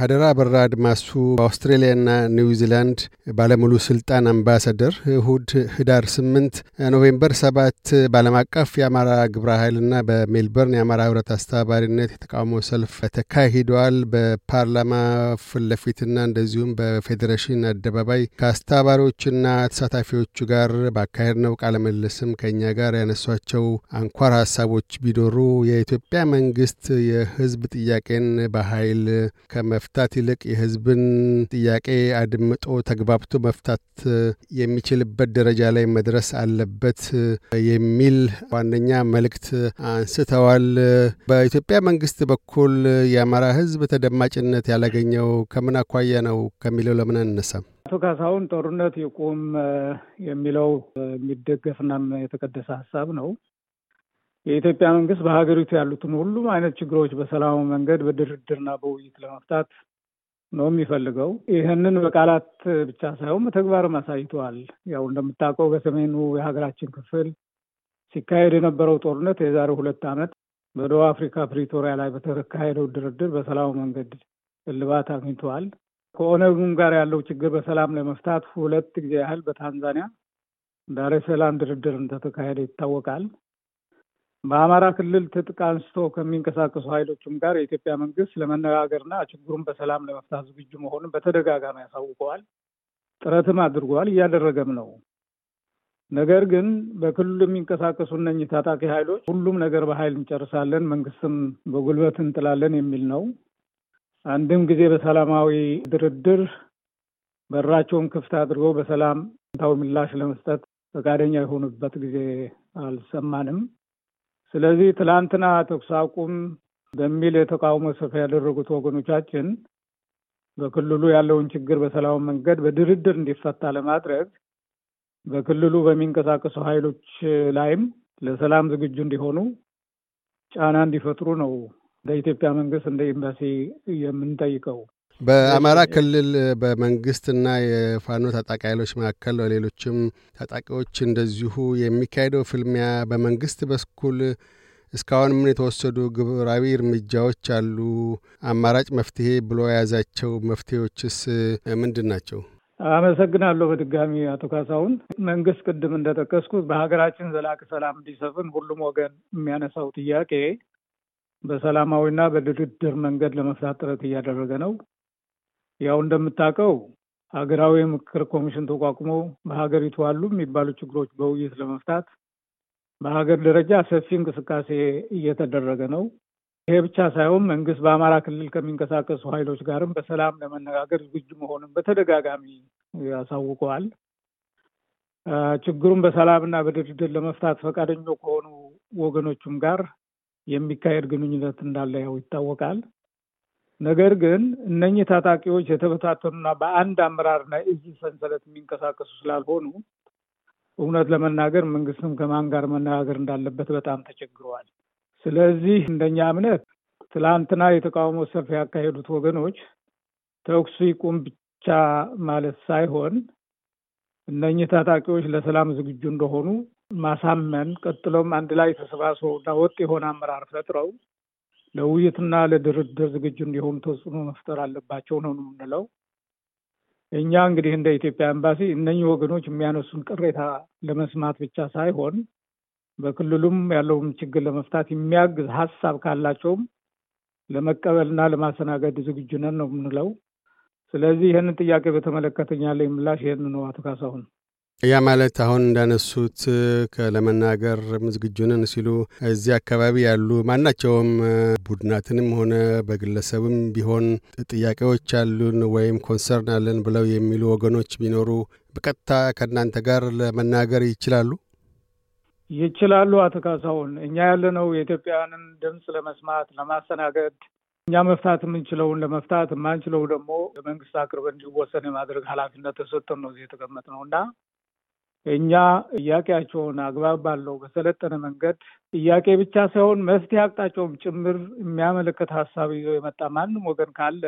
ሀደራ በራ አድማሱ በአውስትሬልያና ኒውዚላንድ ባለሙሉ ስልጣን አምባሳደር እሁድ ህዳር ስምንት ኖቬምበር ሰባት በዓለም አቀፍ የአማራ ግብረ ኃይልና በሜልበርን የአማራ ህብረት አስተባባሪነት የተቃውሞ ሰልፍ ተካሂደዋል። በፓርላማ ፊት እንደዚሁም በፌዴሬሽን አደባባይ ከአስተባባሪዎችና ተሳታፊዎቹ ጋር ባካሄድነው ቃለ ምልልስም ከእኛ ጋር ያነሷቸው አንኳር ሀሳቦች ቢኖሩ የኢትዮጵያ መንግስት የህዝብ ጥያቄን በኃይል ከመፍ ከመፍታት ይልቅ የህዝብን ጥያቄ አድምጦ ተግባብቶ መፍታት የሚችልበት ደረጃ ላይ መድረስ አለበት የሚል ዋነኛ መልእክት አንስተዋል። በኢትዮጵያ መንግስት በኩል የአማራ ህዝብ ተደማጭነት ያላገኘው ከምን አኳያ ነው ከሚለው ለምን አንነሳም? አቶ ካሳሁን ጦርነት ይቁም የሚለው የሚደገፍና የተቀደሰ ሀሳብ ነው። የኢትዮጵያ መንግስት በሀገሪቱ ያሉትን ሁሉም አይነት ችግሮች በሰላሙ መንገድ በድርድርና በውይይት ለመፍታት ነው የሚፈልገው። ይህንን በቃላት ብቻ ሳይሆን በተግባርም አሳይተዋል። ያው እንደምታውቀው በሰሜኑ የሀገራችን ክፍል ሲካሄድ የነበረው ጦርነት የዛሬ ሁለት ዓመት በደቡብ አፍሪካ ፕሪቶሪያ ላይ በተካሄደው ድርድር በሰላሙ መንገድ እልባት አግኝተዋል። ከኦነግም ጋር ያለው ችግር በሰላም ለመፍታት ሁለት ጊዜ ያህል በታንዛኒያ ዳሬ ሰላም ድርድር እንደተካሄደ ይታወቃል። በአማራ ክልል ትጥቅ አንስቶ ከሚንቀሳቀሱ ኃይሎችም ጋር የኢትዮጵያ መንግስት ለመነጋገርና ችግሩን በሰላም ለመፍታት ዝግጁ መሆኑን በተደጋጋሚ ያሳውቀዋል። ጥረትም አድርጓል፣ እያደረገም ነው። ነገር ግን በክልሉ የሚንቀሳቀሱ እነኚህ ታጣቂ ኃይሎች ሁሉም ነገር በኃይል እንጨርሳለን፣ መንግስትም በጉልበት እንጥላለን የሚል ነው። አንድም ጊዜ በሰላማዊ ድርድር በራቸውን ክፍት አድርገው በሰላም ታዊ ምላሽ ለመስጠት ፈቃደኛ የሆኑበት ጊዜ አልሰማንም። ስለዚህ ትላንትና ተኩስ አቁም በሚል የተቃውሞ ሰልፍ ያደረጉት ወገኖቻችን በክልሉ ያለውን ችግር በሰላም መንገድ በድርድር እንዲፈታ ለማድረግ በክልሉ በሚንቀሳቀሱ ኃይሎች ላይም ለሰላም ዝግጁ እንዲሆኑ ጫና እንዲፈጥሩ ነው እንደ ኢትዮጵያ መንግስት እንደ ኤምባሲ የምንጠይቀው። በአማራ ክልል በመንግስትና የፋኖ ታጣቂ ኃይሎች መካከል ሌሎችም ታጣቂዎች እንደዚሁ የሚካሄደው ፍልሚያ በመንግስት በኩል እስካሁን ምን የተወሰዱ ግብራዊ እርምጃዎች አሉ? አማራጭ መፍትሄ ብሎ የያዛቸው መፍትሄዎችስ ምንድን ናቸው? አመሰግናለሁ። በድጋሚ አቶ ካሳሁን፣ መንግስት ቅድም እንደጠቀስኩት በሀገራችን ዘላቂ ሰላም እንዲሰፍን ሁሉም ወገን የሚያነሳው ጥያቄ በሰላማዊና በድርድር መንገድ ለመፍታት ጥረት እያደረገ ነው። ያው እንደምታውቀው ሀገራዊ የምክክር ኮሚሽን ተቋቁሞ በሀገሪቱ አሉ የሚባሉ ችግሮች በውይይት ለመፍታት በሀገር ደረጃ ሰፊ እንቅስቃሴ እየተደረገ ነው። ይሄ ብቻ ሳይሆን መንግስት በአማራ ክልል ከሚንቀሳቀሱ ኃይሎች ጋርም በሰላም ለመነጋገር ዝግጁ መሆኑን በተደጋጋሚ ያሳውቀዋል። ችግሩን እና በድርድር ለመፍታት ፈቃደኞ ከሆኑ ወገኖችም ጋር የሚካሄድ ግንኙነት እንዳለ ያው ይታወቃል። ነገር ግን እነኚህ ታጣቂዎች የተበታተኑና በአንድ አመራርና እዚህ ሰንሰለት የሚንቀሳቀሱ ስላልሆኑ እውነት ለመናገር መንግስትም ከማን ጋር መነጋገር እንዳለበት በጣም ተቸግረዋል። ስለዚህ እንደኛ እምነት ትላንትና የተቃውሞ ሰልፍ ያካሄዱት ወገኖች ተኩሱ ይቁም ብቻ ማለት ሳይሆን እነኚህ ታጣቂዎች ለሰላም ዝግጁ እንደሆኑ ማሳመን፣ ቀጥሎም አንድ ላይ እና ወጥ የሆነ አመራር ፈጥረው ለውይይትና ለድርድር ዝግጁ እንዲሆኑ ተጽዕኖ መፍጠር አለባቸው ነው የምንለው። እኛ እንግዲህ እንደ ኢትዮጵያ ኤምባሲ እነኚህ ወገኖች የሚያነሱን ቅሬታ ለመስማት ብቻ ሳይሆን በክልሉም ያለውን ችግር ለመፍታት የሚያግዝ ሀሳብ ካላቸውም ለመቀበልና ለማስተናገድ ዝግጁ ነን ነው የምንለው። ስለዚህ ይህንን ጥያቄ በተመለከተ ምላሽ ይህን ነው። አቶ ካሳሁን ያ ማለት አሁን እንዳነሱት ለመናገር ምዝግጁንን ሲሉ እዚህ አካባቢ ያሉ ማናቸውም ቡድናትንም ሆነ በግለሰብም ቢሆን ጥያቄዎች አሉን ወይም ኮንሰርን አለን ብለው የሚሉ ወገኖች ቢኖሩ በቀጥታ ከእናንተ ጋር ለመናገር ይችላሉ ይችላሉ። አቶ ካሳሁን፣ እኛ ያለነው የኢትዮጵያውያንን ድምፅ ለመስማት ለማስተናገድ እኛ መፍታት የምንችለውን ለመፍታት የማንችለው ደግሞ ለመንግስት አቅርበ እንዲወሰን የማድረግ ኃላፊነት ተሰጥቶን ነው እዚህ ነው እና እኛ ጥያቄያቸውን አግባብ ባለው በሰለጠነ መንገድ ጥያቄ ብቻ ሳይሆን መፍትሄ አቅጣጫውም ጭምር የሚያመለክት ሀሳብ ይዞ የመጣ ማንም ወገን ካለ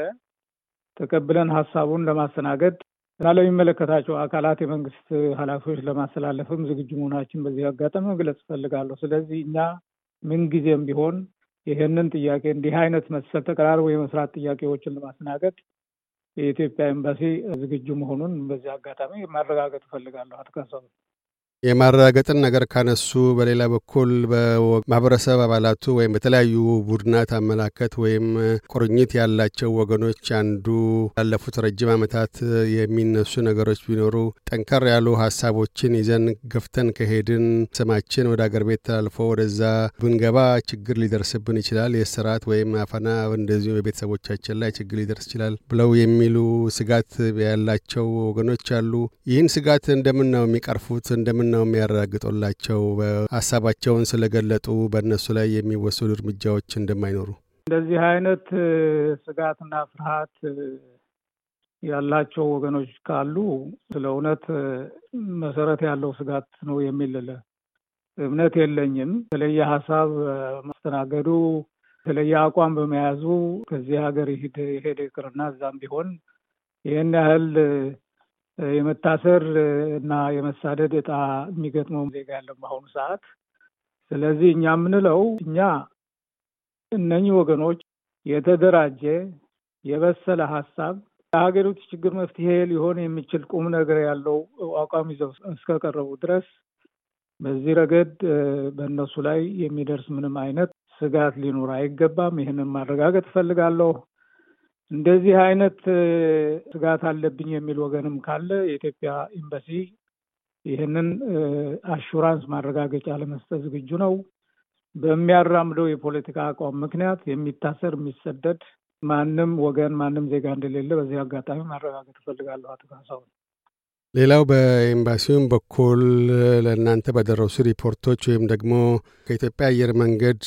ተቀብለን ሀሳቡን ለማስተናገድ እና ለሚመለከታቸው አካላት የመንግስት ኃላፊዎች ለማስተላለፍም ዝግጁ መሆናችን በዚህ አጋጣሚ መግለጽ እፈልጋለሁ። ስለዚህ እኛ ምንጊዜም ቢሆን ይህንን ጥያቄ እንዲህ አይነት መሰል ተቀራርቦ የመስራት ጥያቄዎችን ለማስተናገድ የኢትዮጵያ ኤምባሲ ዝግጁ መሆኑን በዚህ አጋጣሚ ማረጋገጥ እፈልጋለሁ። አቶ ካሳሁን የማረጋገጥን ነገር ካነሱ በሌላ በኩል በማህበረሰብ አባላቱ ወይም በተለያዩ ቡድናት አመላከት ወይም ቁርኝት ያላቸው ወገኖች አንዱ ላለፉት ረጅም ዓመታት የሚነሱ ነገሮች ቢኖሩ ጠንከር ያሉ ሀሳቦችን ይዘን ገፍተን ከሄድን ስማችን ወደ አገር ቤት ተላልፎ ወደዛ ብንገባ ችግር ሊደርስብን ይችላል፣ የስርዓት ወይም አፈና እንደዚሁ የቤተሰቦቻችን ላይ ችግር ሊደርስ ይችላል ብለው የሚሉ ስጋት ያላቸው ወገኖች አሉ። ይህን ስጋት እንደምን ነው የሚቀርፉት? እንደምን ነው የሚያረጋግጦላቸው? ሀሳባቸውን ስለገለጡ በእነሱ ላይ የሚወሰዱ እርምጃዎች እንደማይኖሩ እንደዚህ አይነት ስጋትና ፍርሃት ያላቸው ወገኖች ካሉ ስለ እውነት መሰረት ያለው ስጋት ነው የሚል እምነት የለኝም። የተለየ ሀሳብ ማስተናገዱ የተለየ አቋም በመያዙ ከዚህ ሀገር ይሄድ ይቅርና እዛም ቢሆን ይህን ያህል የመታሰር እና የመሳደድ እጣ የሚገጥመው ዜጋ ያለው በአሁኑ ሰዓት። ስለዚህ እኛ የምንለው እኛ እነኚህ ወገኖች የተደራጀ የበሰለ ሀሳብ ለሀገሪቱ ችግር መፍትሄ ሊሆን የሚችል ቁም ነገር ያለው አቋም ይዘው እስከቀረቡ ድረስ በዚህ ረገድ በእነሱ ላይ የሚደርስ ምንም አይነት ስጋት ሊኖር አይገባም። ይህንን ማረጋገጥ እፈልጋለሁ። እንደዚህ አይነት ስጋት አለብኝ የሚል ወገንም ካለ የኢትዮጵያ ኤምባሲ ይህንን አሹራንስ ማረጋገጫ ለመስጠት ዝግጁ ነው። በሚያራምደው የፖለቲካ አቋም ምክንያት የሚታሰር የሚሰደድ ማንም ወገን ማንም ዜጋ እንደሌለ በዚህ አጋጣሚ ማረጋገጥ እፈልጋለሁ። አቶ ካሳሁን ሌላው በኤምባሲውም በኩል ለእናንተ በደረሱ ሪፖርቶች ወይም ደግሞ ከኢትዮጵያ አየር መንገድ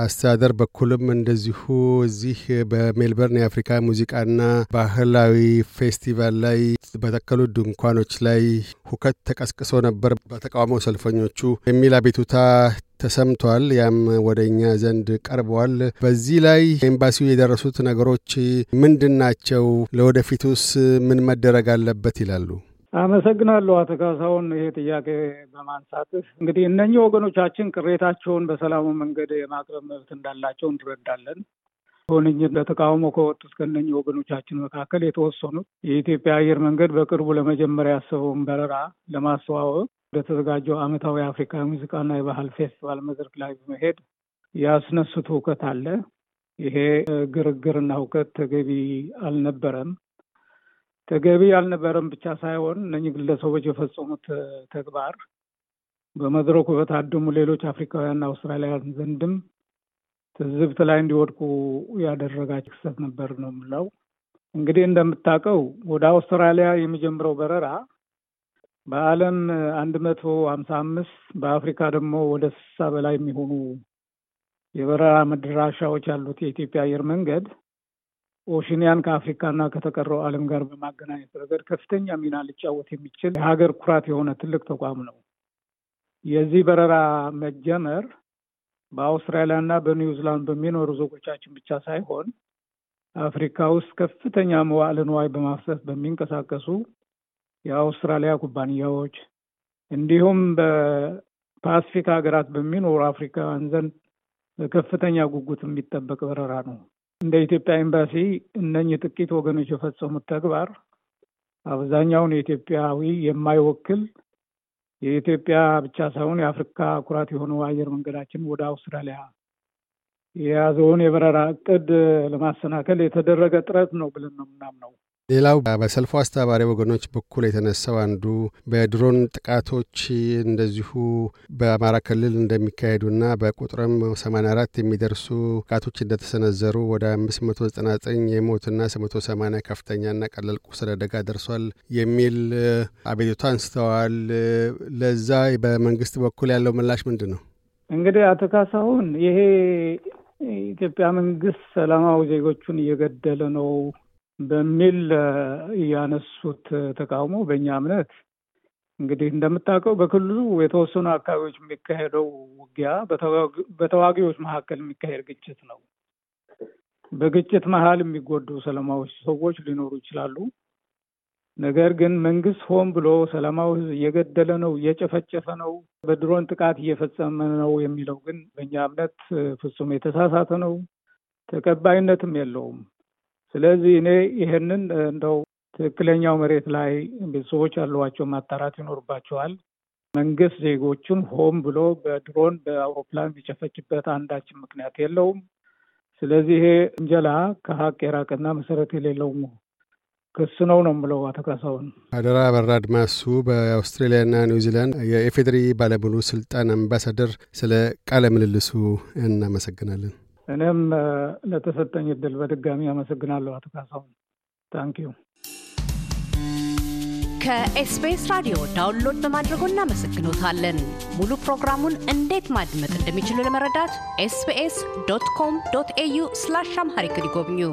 አስተዳደር በኩልም እንደዚሁ እዚህ በሜልበርን የአፍሪካ ሙዚቃና ባህላዊ ፌስቲቫል ላይ በተከሉ ድንኳኖች ላይ ሁከት ተቀስቅሶ ነበር በተቃውሞ ሰልፈኞቹ የሚል አቤቱታ ተሰምቷል። ያም ወደ እኛ ዘንድ ቀርበዋል። በዚህ ላይ ኤምባሲው የደረሱት ነገሮች ምንድን ናቸው? ለወደፊቱስ ምን መደረግ አለበት ይላሉ? አመሰግናለሁ አቶ ካሳሁን ይሄ ጥያቄ በማንሳትህ። እንግዲህ እነኚህ ወገኖቻችን ቅሬታቸውን በሰላሙ መንገድ የማቅረብ መብት እንዳላቸው እንረዳለን። ሆንኝ ለተቃውሞ ከወጡት ከእነኚህ ወገኖቻችን መካከል የተወሰኑት የኢትዮጵያ አየር መንገድ በቅርቡ ለመጀመሪያ ያሰበውን በረራ ለማስተዋወቅ በተዘጋጀው ዓመታዊ የአፍሪካ ሙዚቃና የባህል ፌስቲቫል መድረክ ላይ በመሄድ ያስነሱት እውቀት አለ። ይሄ ግርግርና እውቀት ተገቢ አልነበረም። ተገቢ አልነበረም ብቻ ሳይሆን እነኚህ ግለሰቦች የፈጸሙት ተግባር በመድረኩ በታደሙ ሌሎች አፍሪካውያንና አውስትራሊያውያን ዘንድም ትዝብት ላይ እንዲወድቁ ያደረጋቸው ክስተት ነበር ነው የምለው። እንግዲህ እንደምታውቀው ወደ አውስትራሊያ የሚጀምረው በረራ በዓለም አንድ መቶ ሀምሳ አምስት በአፍሪካ ደግሞ ወደ ስሳ በላይ የሚሆኑ የበረራ መድራሻዎች ያሉት የኢትዮጵያ አየር መንገድ ኦሽኒያን ከአፍሪካና ከተቀረው ዓለም ጋር በማገናኘት ረገድ ከፍተኛ ሚና ሊጫወት የሚችል የሀገር ኩራት የሆነ ትልቅ ተቋም ነው። የዚህ በረራ መጀመር በአውስትራሊያና በኒውዚላንድ በሚኖሩ ዜጎቻችን ብቻ ሳይሆን አፍሪካ ውስጥ ከፍተኛ መዋዕለ ንዋይ በማፍሰስ በሚንቀሳቀሱ የአውስትራሊያ ኩባንያዎች እንዲሁም በፓስፊክ ሀገራት በሚኖሩ አፍሪካውያን ዘንድ በከፍተኛ ጉጉት የሚጠበቅ በረራ ነው። እንደ ኢትዮጵያ ኤምባሲ እነኚህ ጥቂት ወገኖች የፈጸሙት ተግባር አብዛኛውን የኢትዮጵያዊ የማይወክል የኢትዮጵያ ብቻ ሳይሆን የአፍሪካ ኩራት የሆነው አየር መንገዳችን ወደ አውስትራሊያ የያዘውን የበረራ እቅድ ለማሰናከል የተደረገ ጥረት ነው ብለን ነው የምናምነው። ሌላው በሰልፉ አስተባባሪ ወገኖች በኩል የተነሳው አንዱ በድሮን ጥቃቶች እንደዚሁ በአማራ ክልል እንደሚካሄዱና በቁጥርም 84 የሚደርሱ ጥቃቶች እንደተሰነዘሩ ወደ 599 የሞትና 180 ከፍተኛና ቀላል ቁስል አደጋ ደርሷል የሚል አቤቱታ አንስተዋል። ለዛ በመንግስት በኩል ያለው ምላሽ ምንድን ነው? እንግዲህ አቶ ካሳሁን ይሄ ኢትዮጵያ መንግስት ሰላማዊ ዜጎቹን እየገደለ ነው በሚል ያነሱት ተቃውሞ በእኛ እምነት እንግዲህ እንደምታውቀው በክልሉ የተወሰኑ አካባቢዎች የሚካሄደው ውጊያ በተዋጊዎች መካከል የሚካሄድ ግጭት ነው። በግጭት መሀል የሚጎዱ ሰላማዊ ሰዎች ሊኖሩ ይችላሉ። ነገር ግን መንግስት ሆን ብሎ ሰላማዊ እየገደለ ነው፣ እየጨፈጨፈ ነው፣ በድሮን ጥቃት እየፈጸመ ነው የሚለው ግን በእኛ እምነት ፍጹም የተሳሳተ ነው፣ ተቀባይነትም የለውም። ስለዚህ እኔ ይሄንን እንደው ትክክለኛው መሬት ላይ ቤተሰቦች ያሏቸው ማጣራት ይኖርባቸዋል። መንግስት ዜጎቹን ሆም ብሎ በድሮን በአውሮፕላን ቢጨፈጭበት አንዳችን ምክንያት የለውም። ስለዚህ ይሄ እንጀላ ከሀቅ የራቀና መሰረት የሌለው ክስ ነው ነው ምለው አቶ ካሳሁን አደራ በራ አድማሱ በአውስትሬሊያና ኒውዚላንድ የኢፌዴሪ ባለሙሉ ስልጣን አምባሳደር፣ ስለ ቃለ ምልልሱ እናመሰግናለን። እኔም ለተሰጠኝ እድል በድጋሚ አመሰግናለሁ አቶ ካሳሁን። ታንኪዩ። ከኤስቢኤስ ራዲዮ ዳውንሎድ በማድረጎ እናመሰግኖታለን። ሙሉ ፕሮግራሙን እንዴት ማድመጥ እንደሚችሉ ለመረዳት ኤስቢኤስ ዶት ኮም ዶት ኤዩ ስላሽ አምሃሪክ ይጎብኙ።